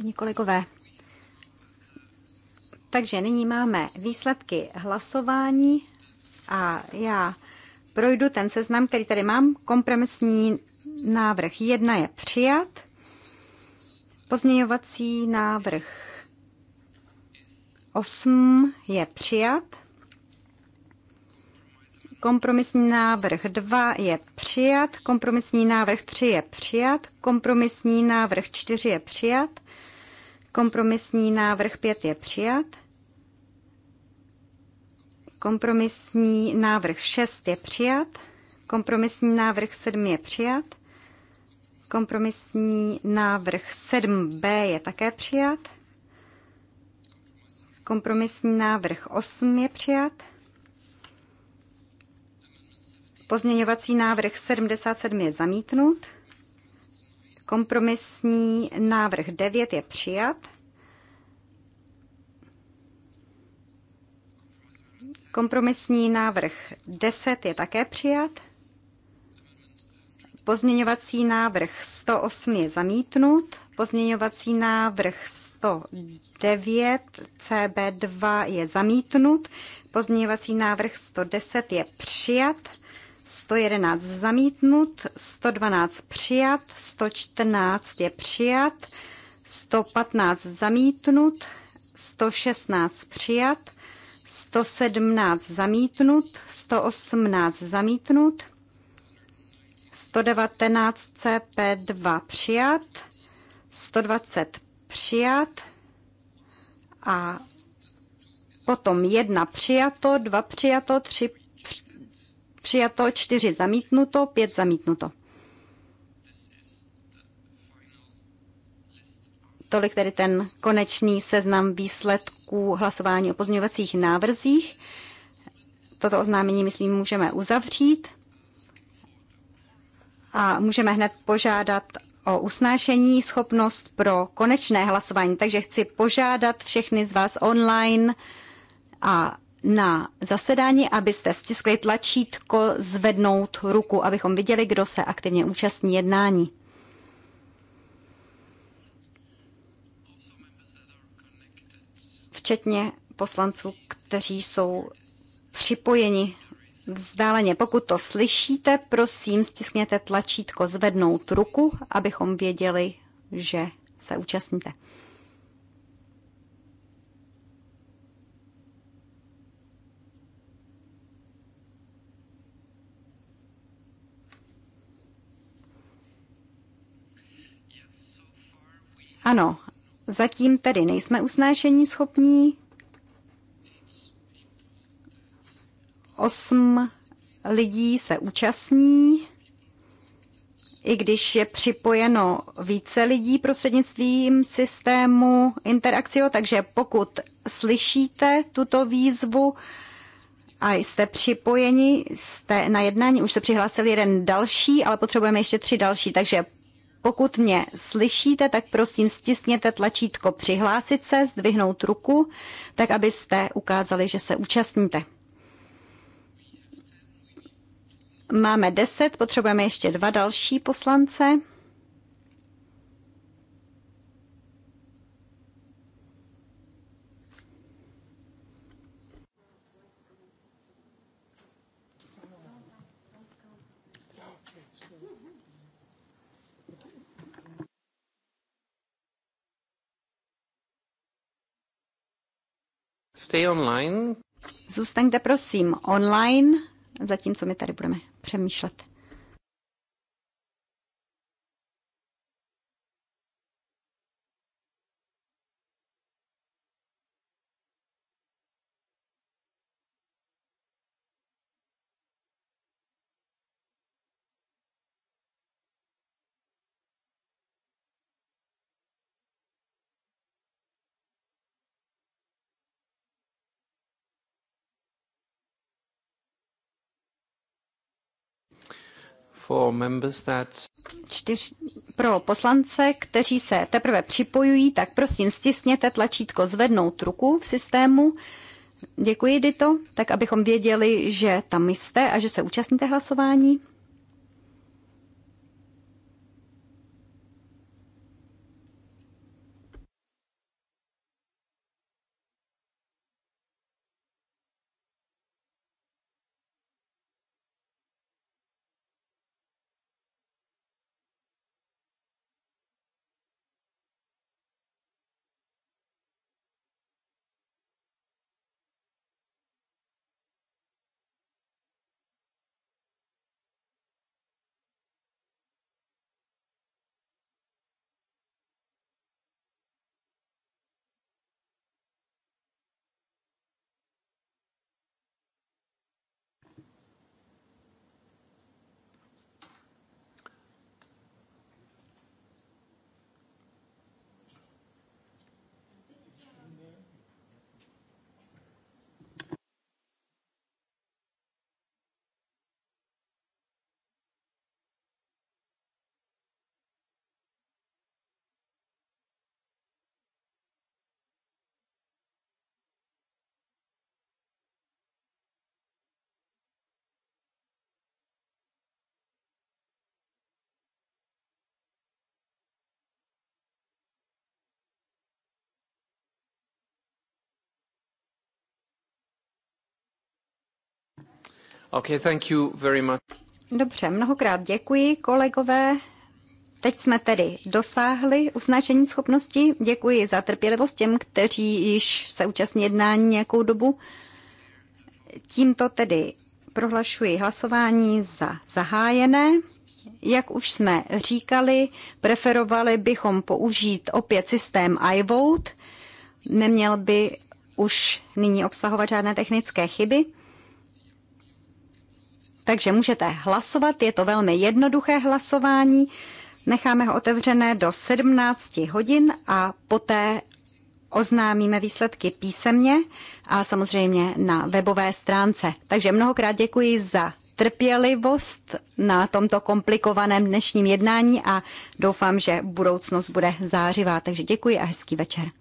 Vážení kolegové, takže nyní máme výsledky hlasování a já projdu ten seznam, který tady mám. Kompromisní návrh 1 je přijat. Pozměňovací návrh 8 je přijat. Kompromisní návrh 2 je přijat, kompromisní návrh 3 je přijat, kompromisní návrh 4 je přijat, Kompromisní návrh 5 je přijat. Kompromisní návrh 6 je přijat. Kompromisní návrh 7 je přijat. Kompromisní návrh 7b je také přijat. Kompromisní návrh 8 je přijat. Pozměňovací návrh 77 je zamítnut. Kompromisní návrh 9 je přijat. Kompromisní návrh 10 je také přijat. Pozměňovací návrh 108 je zamítnut. Pozměňovací návrh 109 CB2 je zamítnut. Pozměňovací návrh 110 je přijat. 111 zamítnut, 112 přijat, 114 je přijat, 115 zamítnut, 116 přijat, 117 zamítnut, 118 zamítnut, 119 CP2 přijat, 120 přijat a potom 1 přijato, 2 přijato, 3 přijato, 4 zamítnuto, 5 zamítnuto. Tolik tedy ten konečný seznam výsledků hlasování o pozměňovacích návrzích. Toto oznámení, myslím, můžeme uzavřít a můžeme hned požádat o usnášení schopnost pro konečné hlasování. Takže chci požádat všechny z vás online a na zasedání, abyste stiskli tlačítko zvednout ruku, abychom viděli, kdo se aktivně účastní jednání. Včetně poslanců, kteří jsou připojeni vzdáleně. Pokud to slyšíte, prosím, stiskněte tlačítko zvednout ruku, abychom věděli, že se účastníte. Ano, zatím tedy nejsme usnášení schopní. Osm lidí se účastní, i když je připojeno více lidí prostřednictvím systému Interakcio, takže pokud slyšíte tuto výzvu a jste připojeni, jste na jednání, už se přihlásil jeden další, ale potřebujeme ještě tři další, takže pokud mě slyšíte, tak prosím stisněte tlačítko přihlásit se, zdvihnout ruku, tak abyste ukázali, že se účastníte. Máme deset, potřebujeme ještě dva další poslance. stay online. Zůstaňte prosím online, zatímco my tady budeme přemýšlet. Čtyř, pro poslance, kteří se teprve připojují, tak prosím stisněte tlačítko zvednout ruku v systému. Děkuji, Dito, tak abychom věděli, že tam jste a že se účastníte hlasování. Okay, thank you very much. Dobře, mnohokrát děkuji, kolegové. Teď jsme tedy dosáhli usnášení schopnosti. Děkuji za trpělivost těm, kteří již se účastní jednání nějakou dobu. Tímto tedy prohlašuji hlasování za zahájené. Jak už jsme říkali, preferovali bychom použít opět systém iVote. Neměl by už nyní obsahovat žádné technické chyby. Takže můžete hlasovat, je to velmi jednoduché hlasování. Necháme ho otevřené do 17 hodin a poté oznámíme výsledky písemně a samozřejmě na webové stránce. Takže mnohokrát děkuji za trpělivost na tomto komplikovaném dnešním jednání a doufám, že budoucnost bude zářivá. Takže děkuji a hezký večer.